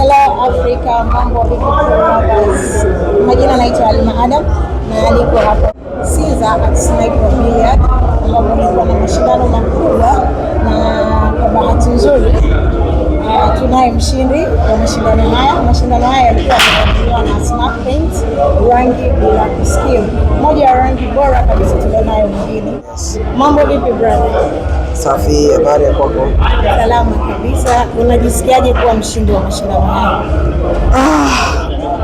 Hello Africa, mambo vipi Majina naitwa alima Adam na niko hapo Sinza at Sniper Billiard ambapo nilikuwa na mashindano makubwa na kwa bahati nzuri tunaye mshindi wa mashindano haya. Mashindano haya yalikuwa yameandaliwa na Snap Paint, rangi bila kusikia, moja ya rangi bora kabisa tulionayo mjini. Mambo vipi brother? Safi, habari ya kwako? Salama kabisa. Unajisikiaje kuwa mshindi wa mashindano haya? Ah,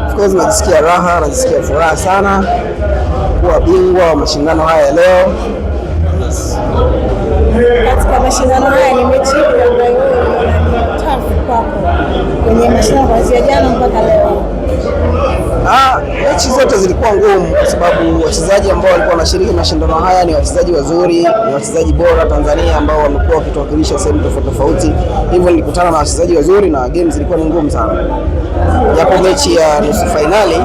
of course najisikia raha, najisikia furaha sana kuwa bingwa wa mashindano haya ya leo. Katika mashindano haya ni mechi ambayo kwako kwenye mashindano kuanzia jana mpaka leo? Ah, mechi zote zilikuwa ngumu kwa sababu wachezaji ambao walikuwa wanashiriki mashindano haya ni wachezaji wazuri, ni wachezaji bora Tanzania ambao wamekuwa wakituwakilisha sehemu tofauti tofauti. Hivyo nilikutana na wachezaji wazuri na game zilikuwa ni ngumu sana, japo mechi ya nusu fainali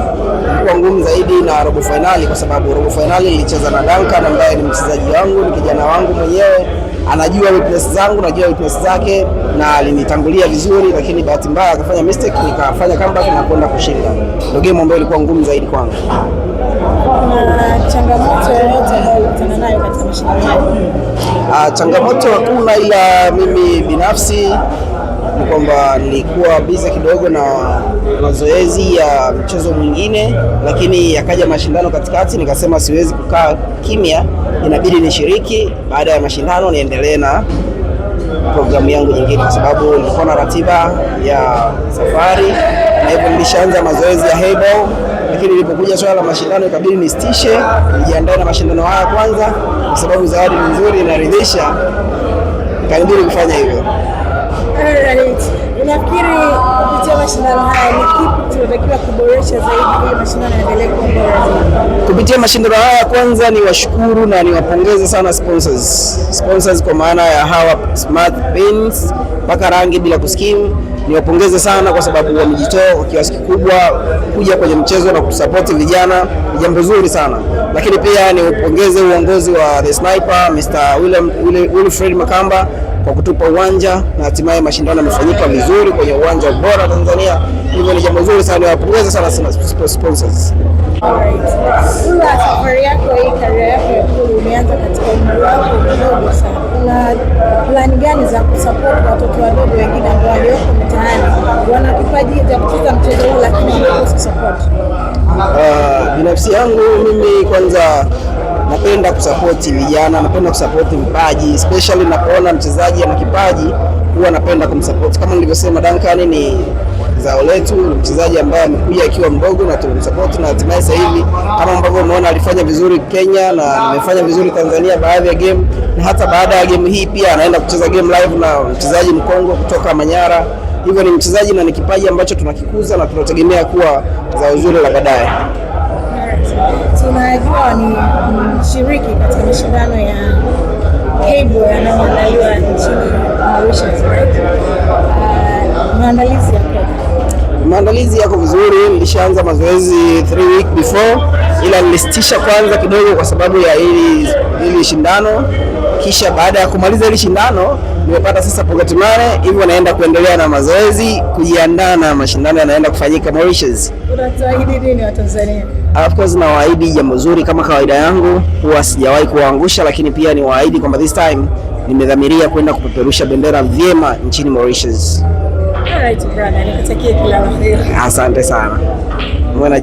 ilikuwa ngumu zaidi na robo fainali, kwa sababu robo fainali ilicheza na Duncan ambaye ni mchezaji wangu, ni kijana wangu mwenyewe anajua weakness zangu, najua weakness zake, na alinitangulia vizuri, lakini bahati mbaya akafanya mistake, nikafanya comeback na kwenda kushinda. Ndio game ambayo ilikuwa ngumu zaidi kwangu. Changamoto yoyote ambayo ulikutana nayo katika mashindano ah, Changamoto hakuna, ila mimi binafsi ni kwamba nilikuwa busy kidogo na mazoezi ya mchezo mwingine, lakini yakaja mashindano katikati, nikasema siwezi kukaa kimya, inabidi nishiriki. Baada ya mashindano niendelee na programu yangu nyingine, kwa sababu nilikuwa na ratiba ya safari na hivyo nilishaanza mazoezi ya hebo, lakini nilipokuja swala la mashindano ikabidi nistishe nijiandae na mashindano haya kwanza, kwa sababu zawadi nzuri inaridhisha, ikabidi kufanya hivyo kupitia mashindano haya ni kipi tunatakiwa kuboresha zaidi ili mashindano yaendelee kuwa bora Kupitia mashindano haya, kwanza ni washukuru na niwapongeze sana sponsors. Sponsors kwa maana ya hawa smart pens mpaka rangi bila kuskimu, niwapongeze sana kwa sababu wamejitoa kwa kiasi kikubwa kuja kwenye mchezo na kusapoti vijana, ni jambo zuri sana lakini pia niupongeze uongozi wa The Sniper Mr. William, Wilfred Makamba kwa kutupa uwanja na hatimaye mashindano yamefanyika vizuri kwenye uwanja bora Tanzania. Hivyo ni jambo zuri sana, niwapongeze sana sana sponsors. Safari yako hii career yako ya Ikulu umeanza katika umri plani gani za kusupport watoto wadogo wengine ambao walioko mtaani wana kipaji cha kucheza mchezo huu lakini wanakosa support? Uh, ah, Binafsi yangu mimi kwanza napenda kusapoti vijana, napenda kusapoti mpaji, especially napoona mchezaji ana kipaji huwa napenda kumsapoti. Kama nilivyosema, Duncan ni zao letu, mchezaji ambaye amekuja akiwa mdogo na tumemsapoti, na hatimaye sasa hivi kama ambavyo umeona alifanya vizuri Kenya na amefanya vizuri Tanzania baadhi ya game, na hata baada ya game hii pia anaenda kucheza game live na mchezaji mkongo kutoka Manyara. Hivyo ni mchezaji na ni kipaji ambacho tunakikuza na tunategemea kuwa zao zuri la baadaye tunajua ni mshiriki katika mashindano ya cable yanayoandaliwa nchini Mauritius, uh, maandalizi ya Maandalizi yako vizuri, nilishaanza mazoezi 3 week before, ila nilisitisha kwanza kidogo kwa sababu ya hili hili shindano. Kisha baada ya kumaliza hili shindano nimepata sasa pocket money, hivyo naenda kuendelea na mazoezi kujiandaa na mashindano yanaenda kufanyika Mauritius. Unatuahidi nini Watanzania? Of course nawaahidi jambo zuri kama kawaida yangu, huwa sijawahi kuwaangusha, lakini pia niwaahidi kwamba this time nimedhamiria kwenda kupeperusha bendera vyema nchini Mauritius. Alright brother, nikutakie kila la heri. Asante sana. Mwana